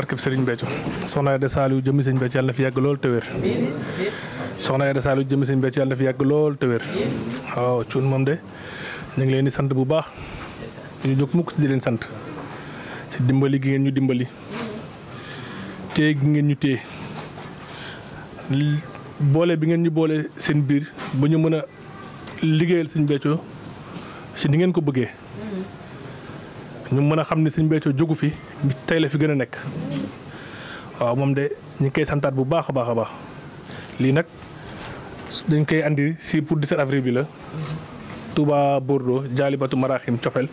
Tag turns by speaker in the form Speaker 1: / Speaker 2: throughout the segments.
Speaker 1: barkeb Serigne Béthio soxna Aida Saliou jëmi Serigne Béthio yàlla na fi yàgg lool te wér soxna Aida Saliou jëmi Serigne Béthio yàlla na fi yàgg lool te wér waaw cuun moom de ñu ngi leen di sant bu baax ñu jóg mukk si di leen sant si dimbali gi ngeen ñu dimbali téye gi ngeen ñu téye boole bi ngeen ñu boole seen biir ba ñu mën a liggéeyal Serigne Béthio si ni ngeen ko bëggee ñu mën a xam ne Serigne Béthio jógu fi tey la fi gën a nekk waaw moom de ñu ngi koy santaat bu baax a baax a baax lii nag dañ koy andi si pour 17 avril bi la Touba Bordeaux jaalibatu maraaxim cofel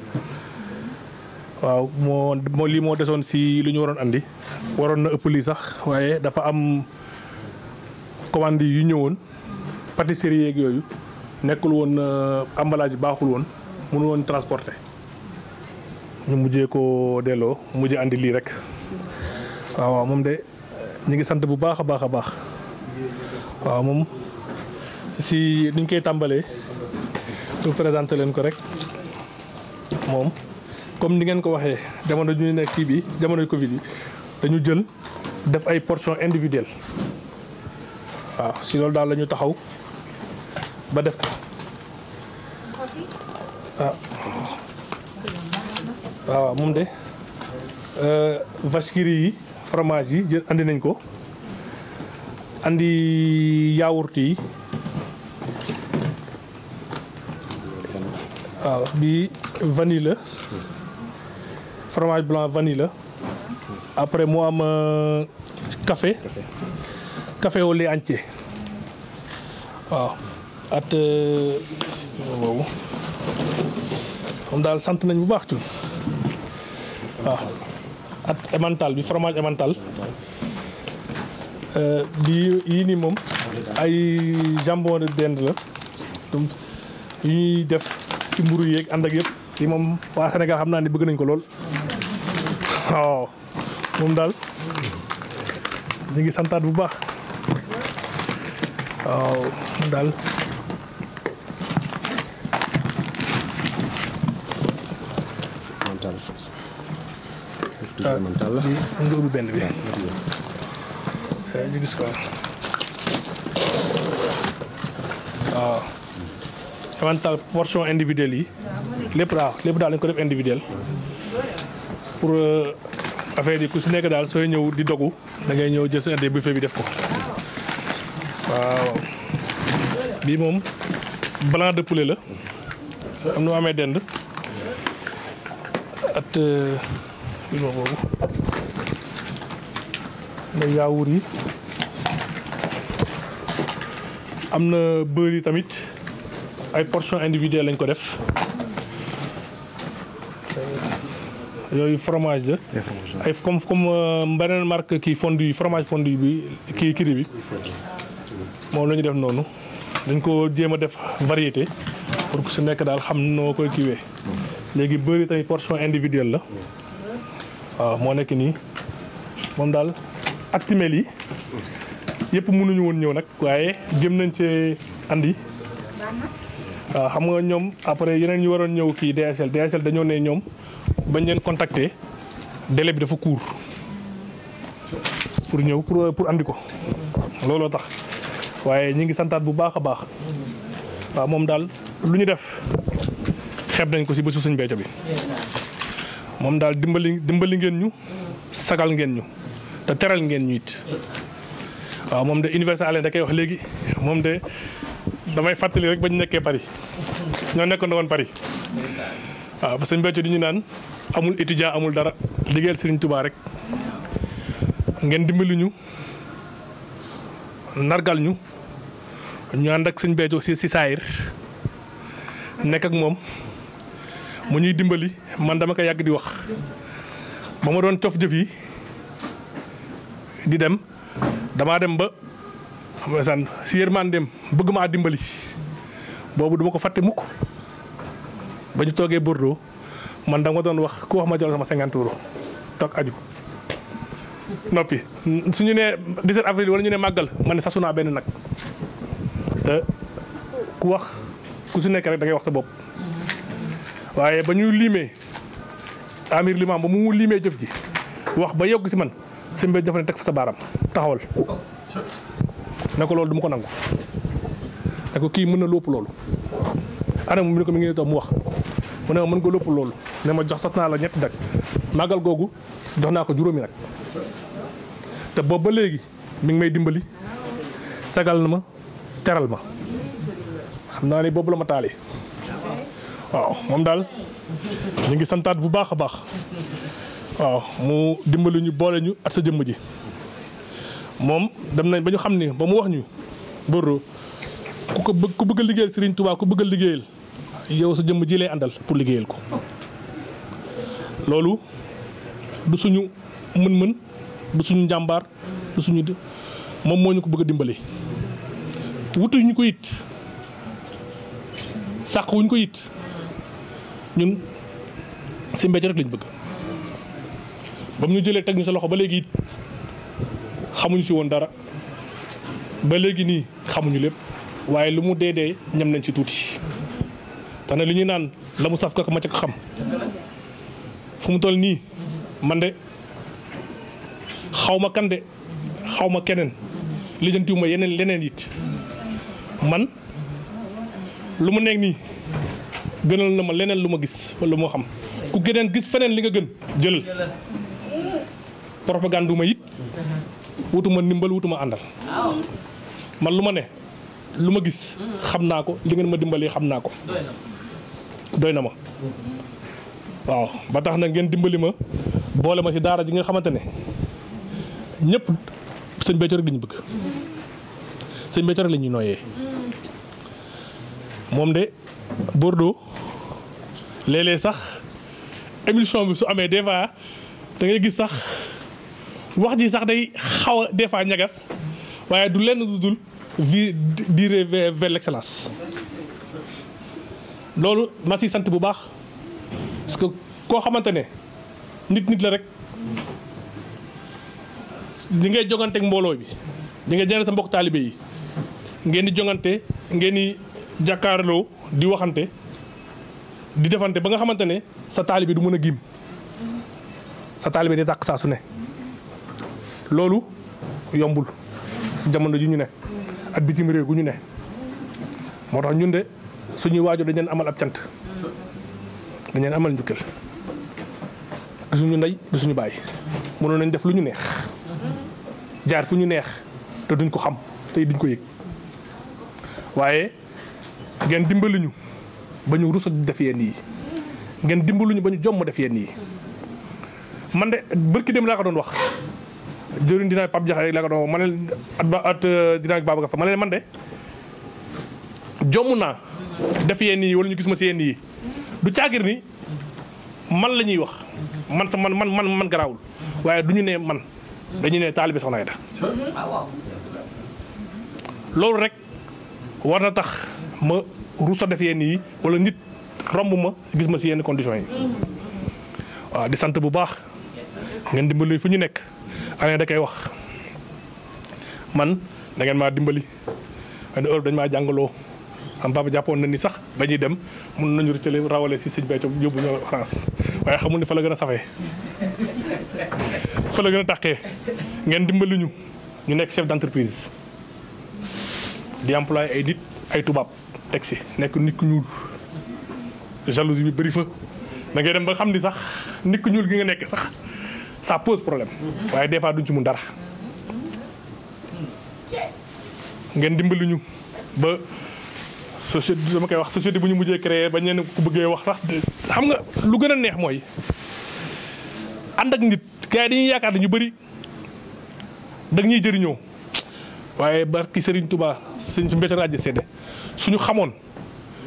Speaker 1: waaw moo lii moo desoon si lu ñu waroon andi waroon na ëpp lii sax waaye dafa am commande yu ñëwoon pâtisserie yeeg yooyu nekkul woon euh, emballage baaxul woon mënu woon transporter ñu mujjé ko délo mujjé andi li rek waaw mom dé ñi ngi sant bu baaxa baaxa baax waaw mom si niñ koy tambalé pour présenter len ko rek mom comme ni ngeen ko waxé jamono ñu nekk kii bi jamono covid bi dañu jël def ay portion individuelle waaw si loolu daal lañu taxaw ba def ko waaw moom de euh, vacherie yi fromage yi jël andi nañ ko andi yaourt yi waaw bi vanille la fromage blanc vanille la après mu am euh, café café au lait entier waaw at euh, moom daal sant nañ bu baax tuuti Ah. At ak emmental bi fromage emmental euh, bi yii ay jambon de dinde la donc def si mburu anda ànd ak yëpp yi moom waa Sénégal xam naa ne bëgg nañ ko lool waaw moom daal ñu ngi bu baax waaw mental talla nduru benn bi ñu gis ko portion individuelle yi lépp daal lépp daal pour affaire yi ku si nekk daal sooy di dogu da ngay bi def ko waaw blanc de poulet la am nu dend at eh, kilo boobu ne yaawur yi am na beurre yi tamit ay portion individuelle lañ ko def yooyu fromage ay comme comme euh, beneen marque kii fondu fromage fondu bi kii kiri bi moom la ñu def noonu dañ ko jéem a def variété pour que su nekk daal xam noo koy kiiwee léegi bëri yi tamit portion individuelle la waaw moo nekk aktimeli, moom daal ak timel yi yëpp mënuñu nañ ci andi waaw xam nga ñoom après yeneen ñu waroon ñëw kii DSL DSL dañoo ne ñoom bañ leen contacter délai bi dafa court pour ñëw pour pour andi ko looloo tax waaye ñi ngi bu baax baax waaw moom daal lu def xeeb nañ ko bi moom daal dimbali dimbali ngeen ñu sagal ngeen ñu te teral ngeen ñu it waaw moom de universal da koy wax léegi moom de damay fàttali rek ba ñu nekkee Paris ñoo nekkoon woon Paris waaw parce que mbécco di ñu naan amul étudiant amul dara liggéeyal Serigne Touba rek ngeen dimbali ñu nargal ñu ñu ànd ak sëñ Béthio saayir nekk ak moom mu ñuy dimbali man dama ko yag di wax ba ma doon cof jëf yi di dem dama dem ba xam nga san si yërmaan dem bëgg maa dimbali boobu duma ko fàtte mukk ba ñu toogee Bordeaux man dama doon wax ku wax ma jox sama 50 euros toog aju noppi suñu ne nee 17 avril wala ñu ne màggal ma ne sasu naa benn nag te ku wax ku su nekk rek da ngay wax sa bopp waye ba ñu amir limam bu mu limé jëf ji wax ba yogg ci man sëñ bi dafa tek fa sa baram taxawal nako lolou duma ko nangu nako ki mëna lopp lolou ana mu ne ko mi ngi ne mu wax mu ne mën nga lopp lolou ne ma jox satna la ñett dag magal gogu jox nako nak te bo ba legi mi ngi may dimbali sagal na ma teral ma xamna ni bobu la ma waaw moom daal ñu ngi santaat bu baax a baax waaw mu dimbali ñu boole ñu at sa jëmm ji moom dem nañ ba ñu xam ni ba mu wax ñu Bordeaux ku ko bëgg ku bëgg a liggéeyal Serigne Touba ku bëgg a liggéeyal yow sa jëmm ji lay àndal pour liggéeyal ko loolu du suñu mën-mën du suñu njàmbaar du suñu moom moo ñu ko bëgg a dimbali wutuñu ko it sàq wuñ ko it. ñun si mbéj rek lañ bëgg bam ñu jëlé teg ñu sa loxo ba légui xamuñ ci won dara ba légui ni xamuñu lepp waye lu mu dédé ñam nañ ci tuti tane li naan la saf ko ma ci xam fu mu toll ni man de xawma kan de yenen leneen yit man lu mu nekk ni gënal na ma leneen lu ma gis wala mo xam ku gëneen gis feneen li nga gën jël propagande ma yit wutuma nimbal wutuma andal man luma ne luma gis xamna ko li ngeen ma dimbali xamna ko doy ma waaw ba tax na ngeen dimbali ma boole ma ci dara ji nga xamantene ñepp seigne sëñ Béthio bëgg seigne de Bordeaux léeg sax émission bi su amee des fois da ngay gis sax wax ji sax day xaw a des fois ñagas waaye du lenn du dul vi dire vers l'excellence loolu ma sant bu baax parce que koo xamante ne nit nit la rek li ngay joganteeg mbooloo bi di nga jël sa mbokk taalibe yi ngeen di jongante ngeen di jàkkaarloo di waxante di defante ba nga xamante ne sa taalibe du mën a gim sa taalibe di tàq saa su ne loolu yombul si jamono ji ñu ne ak bitim réew gu ñu ne moo tax ñun de suñuy waajur dañ leen amal ab cant dañ leen amal njukkal du suñu ndey du suñu bàyyi mënoon nañ def lu ñu neex jaar fu ñu neex te duñ ko xam te duñ ko yëg waaye ngeen dimbali ñu bañu ñu rusa def yenn yi ngeen dimbulu ba ñu jomm def yenn yi man de barki dem la ko doon wax dina pap jax rek la ko doon man ma at at dinaay Babacar Fall ma ne euh, man de jomuna def yi wala ñu gis ma seen yi du ciagir ni man la ñuy wax man sa man man man man garaawul waaye ne man dañu ne taalibe Soxna da ah, loolu rek warna tax ma rusa def yenn yi wala nit romb ma gis ma ci yenn condition yi wa di sante bu baax ngeen dimbali fu ñu nek ane da kay wax man da ngeen ma dimbali ane Europe dañ ma jangalo am papa japon na ni sax ba dem mën nañu rëccale rawalé ci seigne Béthio jobu ñu France waye xamul ni fa la gëna a fa la gëna a ngeen dimbali ñu ñu nek chef d'entreprise di employé ay nit ay tubab taxi nek nit ku ñuul jalousie bi bari fa da ngay dem ba xamni sax nit ku ñuul gi nga nek sax ça pose problème waye des fois duñ ci mu dara ngeen dimbali ñu ba société sama kay wax société bu ñu mujjé créer ba ñen ku bëggé wax sax xam nga lu gëna neex moy and ak nit gars dañuy yaakaar ñu bari dag ñuy jëriñoo waye barki Serigne Touba serigne mbete rajo sedde suñu xamone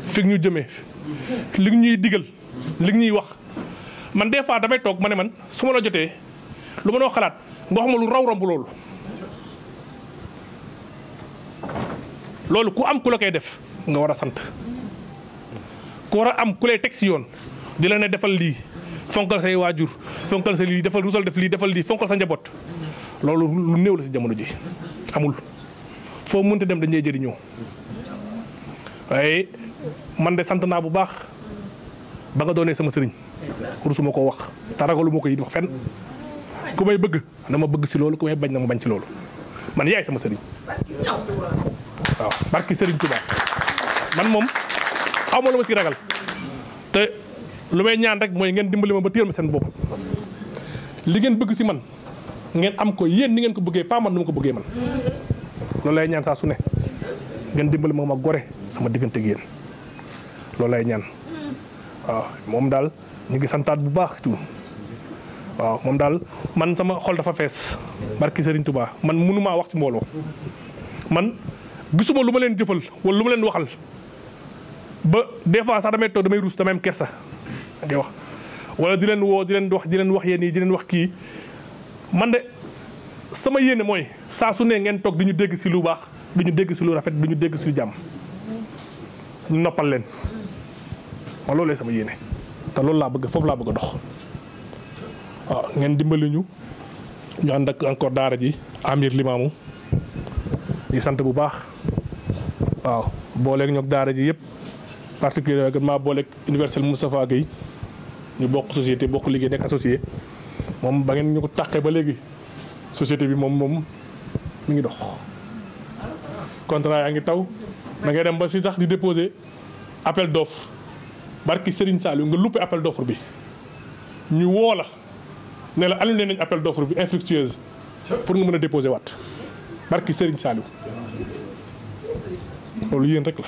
Speaker 1: fi ñu jëmee li ñuy diggal li ñuy wax man des fois damay tok mané man suma la jotté lu ma xalat bo xam raw rombu ku am ku la kay def nga wara sante ku wara am ku lay teg si di la né defal li fonkal say wajur fonkal say li defal rusal def li defal li fonkal sa njabot loolu lu neew la ci jamono ji amul. foo mënta dem dañuy jëriñoo waaye man de sant naa bu baax ba nga doonee sama sëriñ rusuma koo wax te ragalu ma ko yit wax fenn ku may bëgg dama bëgg si loolu ku bañ na ma bañ si loolu man yaay sama sëriñ waaw barki sëriñ Touba man moom aw ma lu ma si ragal te lu may ñaan rek mooy ngeen dimbali ma ba téyal ma seen bopp li ngeen bëgg si man ngeen am ko yéen ni ngeen ko bëggee pas man ni ma ko bëggee man lo lay ñaan sa su ne gën dimbali ma ma gore sama digënté gën lo lay ñaan waaw mom dal ñi ngi santat bu baax tu waaw mom dal man sama xol dafa fess barki Serigne Touba man mënuma wax ci mbolo man gisuma luma leen jëfël wala luma leen waxal ba des fois sa damay to damay rouss damay kersa ngay wax wala di leen wo di leen wax di leen wax yeen yi di leen wax ki man de sama yene moy sa su ne ngeen tok di ñu dégg si lu baax di dégg lu rafet di ñu dégg jam lu len noppal leen sama yene ta loolu la bëgg fofu la bëgg dox waaw ngeen dimbali ñu ñu and ak encore daara ji amir limamu di sante bu baax waaw ak ñok daara ji ma particulièrement booleeg universel mustafa gay ñu bokk société bokk liggéey nek associé mom ba ngeen ñu ko ba légui société bi moom moom mu ngi dox contrat yaa ngi taw da ngay dem ba si sax di déposé appel d'offre barki Serigne Saliou nga luppe appel d'offre bi ñu woo la ne la annulé nañ appel d'offre bi infructueuse pour nga mën a déposer waat barki Serigne Saliou loolu yéen rek la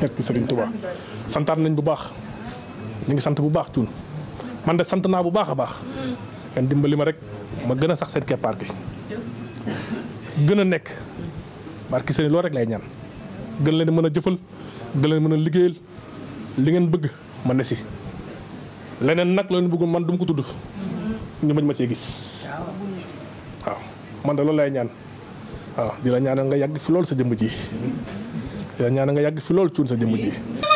Speaker 1: barki Serigne Touba santaat nañ bu baax mu ngi sant bu baax cuun man de sant naa bu baax a baax ngeen dimbali ma rek ma gën a sax seen keppaar bi gën a nekk barki seen loolu rek lay ñaan gën leen mën a jëfal gën leen mën a liggéeyal li ngeen bëgg ma ne si leneen nag loolu bëggul man dum ko tudd ñu bañ ma cee gis waaw man de loolu lay ñaan waaw di la ñaanal nga yàgg fi loolu sa jëmm ji di la ñaanal nga yàgg fi loolu cuun sa jëmm ji